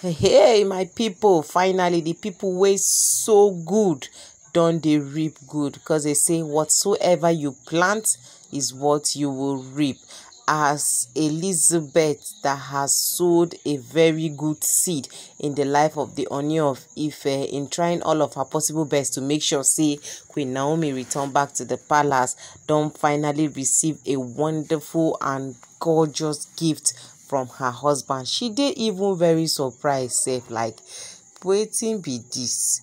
hey my people finally the people way so good don't they reap good because they say whatsoever you plant is what you will reap as elizabeth that has sowed a very good seed in the life of the onion of ife in trying all of her possible best to make sure say queen naomi return back to the palace don't finally receive a wonderful and gorgeous gift from her husband she did even very surprised say like waiting be this?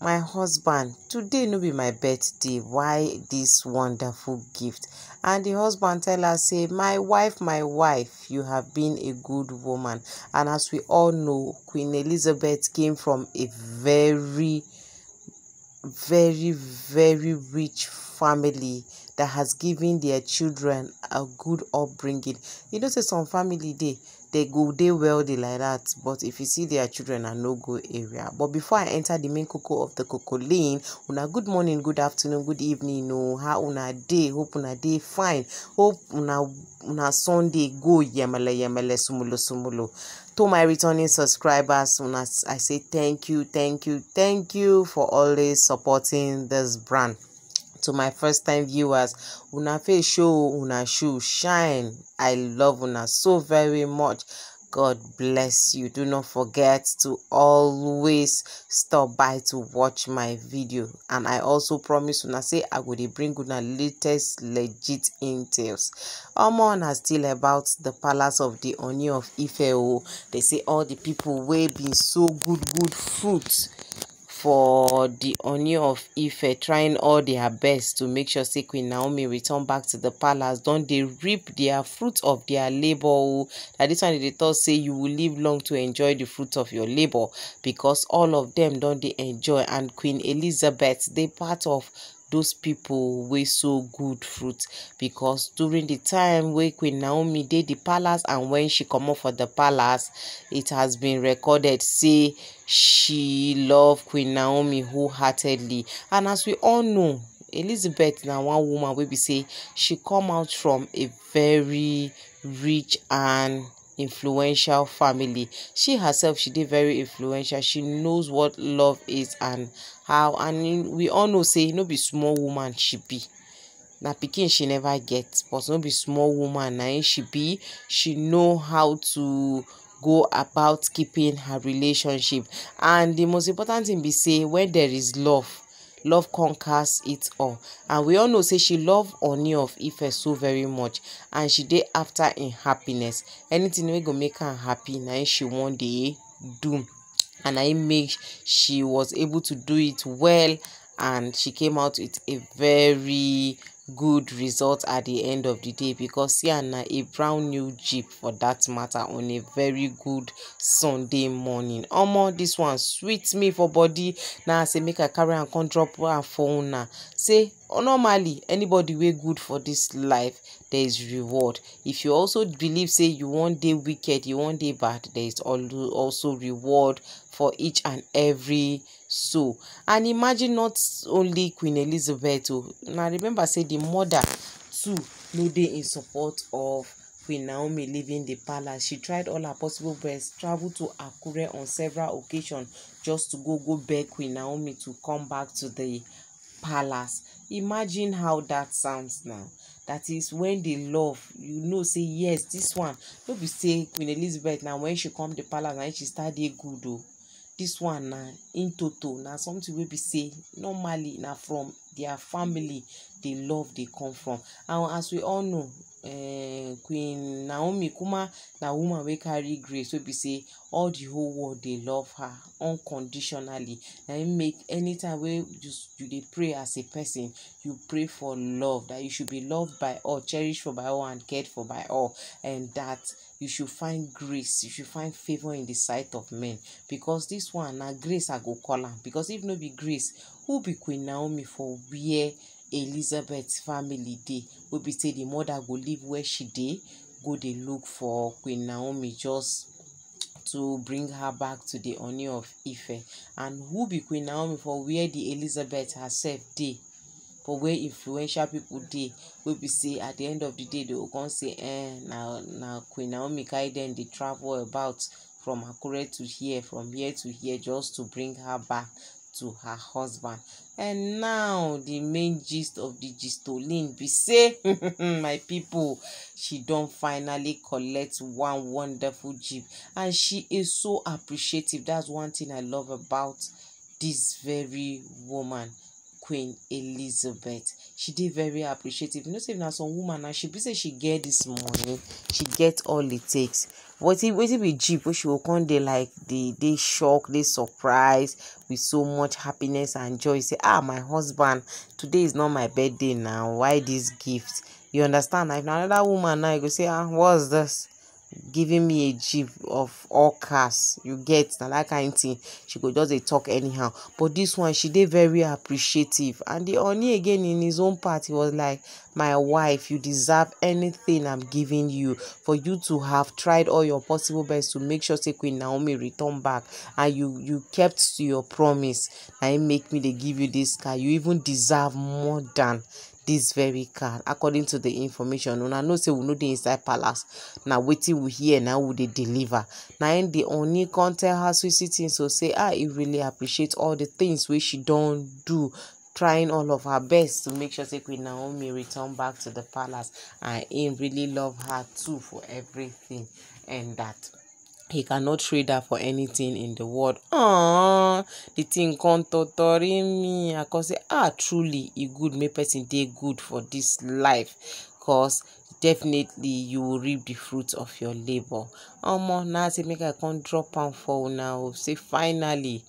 my husband today no be my birthday why this wonderful gift and the husband tell her say my wife my wife you have been a good woman and as we all know queen elizabeth came from a very very very rich family that has given their children a good upbringing you know say some family dey they go well, they like that but if you see their children are no go area but before i enter the main cocoa of the lane, una good morning good afternoon good evening no oh. how una day, hope una day fine hope una una sunday go yemele yemele sumulo sumulo to my returning subscribers una i say thank you thank you thank you for always supporting this brand to my first time viewers una face show una shoe shine i love una so very much God bless you. Do not forget to always stop by to watch my video. And I also promise una say I go dey bring una latest legit intel. Omo una still about the palace of the Ooni of Ife o. They say all the people wey been so good good fruits for the Oni of Ife trying all their best to make sure say Queen Naomi return back to the palace. Don't they reap their fruit of their labor? That oh. this one they thought say you will live long to enjoy the fruit of your labor because all of them don't they enjoy and Queen Elizabeth they part of those people wey sow good fruit because during the time wey queen naomi dey the palace and when she comot for the palace it has been recorded say she love queen naomi wholeheartedly and as we all know elizabeth na one woman wey be say she come out from a very rich and influential family she herself she did very influential she knows what love is and how and we all know say no be small woman she be na picking, she never get but no be small woman I she be she know how to go about keeping her relationship and the most important thing be say when there is love love conquers it all and we all know say she love Ooni of Ife so very much and she dey after im happiness anything wey go make am happy na im she wan dey do and na im make she was able to do it well and she came out with a very good result at the end of the day because see na a brown new jeep for that matter on a very good sunday morning omo this one sweet me for body na say make i carry am come drop am for una say normally anybody wey good for this life there is reward if you also believe say you wan dey wicked you wan dey bad there is also reward for each and every so and imagine not only queen elizabeth o na remember say the mother too no dey in support of queen naomi leaving the palace she tried all her possible best travel to akure on several occasions just to go go beg queen naomi to come back to the palace imagine how that sounds now that is when the love you know say yes this one no be say queen elizabeth na when she come the palace na she start dey good o This one na in total, na something wey be say normally na from their family the love dey come from and as we all know um queen naomi kuma na woman wey carry grace wey be say all the whole world dey love her unconditionally na im make anytime wey you, you dey pray as a person you pray for love that you should be loved by all cherished for by all and cared for by all and that you should find grace you should find favour in the sight of men because this one na grace i go call am because if no be grace who be queen naomi for where elizabeth family dey wey be say the mother go live where she dey go dey look for queen naomi just to bring her back to the Ooni of Ife and who be queen naomi for where the elizabeth herself dey for where influential people dey wey be say at the end of the day they go come say eh na na queen naomi carry dem dey travel about from akure to here from here to here just to bring her back to her husband and now the main gist of the gistoline. be say my people, she don finally collect one wonderful jeep and she is so appreciative that's one thing i love about this very woman queen elizabeth she dey very appreciative you know say na some woman na she be say she get this money she get all it takes but wetin be gist wey she go come dey like dey dey shock dey surprise with so much happiness and joy say ah my husband today is not my birthday now why this gift you understand na if na another woman now you go say ah what's this giving me a jeep of all cars you get Now that kind thing she could just talk anyhow but this one she did very appreciative and the only again in his own part he was like my wife you deserve anything i'm giving you for you to have tried all your possible best to make sure say queen naomi return back and you you kept to your promise na make me they give you this car you even deserve more than this very car according to the information una know say we know the inside palace wait till we hear now we they deliver Now in the only con tell her sweet so say ah really appreciate all the things which she don't do trying all of her best to make sure say queen naomi return back to the palace and really love her too for everything and that. he cannot trade her for anything in the world. Aww, the thing come totori me. I can say, ah, truly, e good make person dey good for this life, cause definitely you will reap the fruits of your labour. Omo, na say make I come drop am for una o, say finally.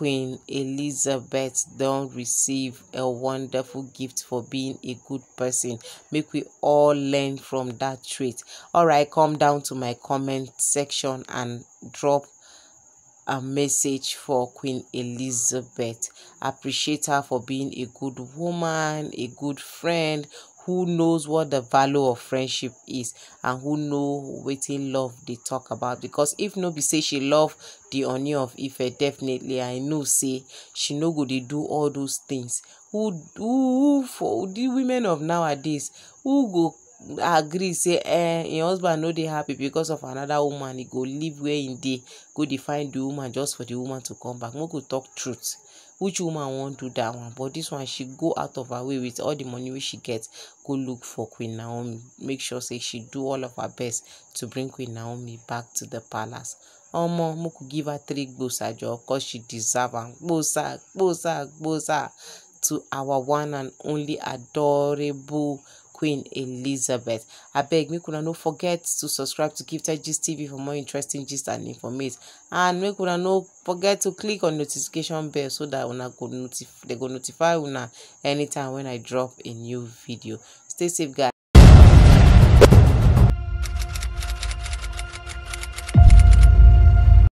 Queen Elizabeth don receive a wonderful gift for being a good person. Make we all learn from that trait. All right, come down to my comment section and drop a message for Queen Elizabeth. Appreciate her for being a good woman, a good friend who knows what the value of friendship is and who know wetin love dey talk about because if no be say she love the Ooni of Ife definitely I know say she no go dey do all those things who who for the women of nowadays who go agree say eh im e husband no dey happy because of another woman He go leave where im e dey go dey find the woman just for the woman to come back no go talk truth Which woman wan do dat one? But dis one she go out of her way with all the money wey she get go look for Queen Naomi, make sure say she do all of her best to bring Queen Naomi back to the palace. Omo, Muku give her three gbosa job cause she deserve am. Gbosa, gbosa, gbosa to our one and only adorable Queen Elizabeth. I beg me una no forget to subscribe to Gifted Gist TV for more interesting gist and information. And could una no forget to click on notification bell so that una go notif they go notify una anytime when I drop a new video. Stay safe guys.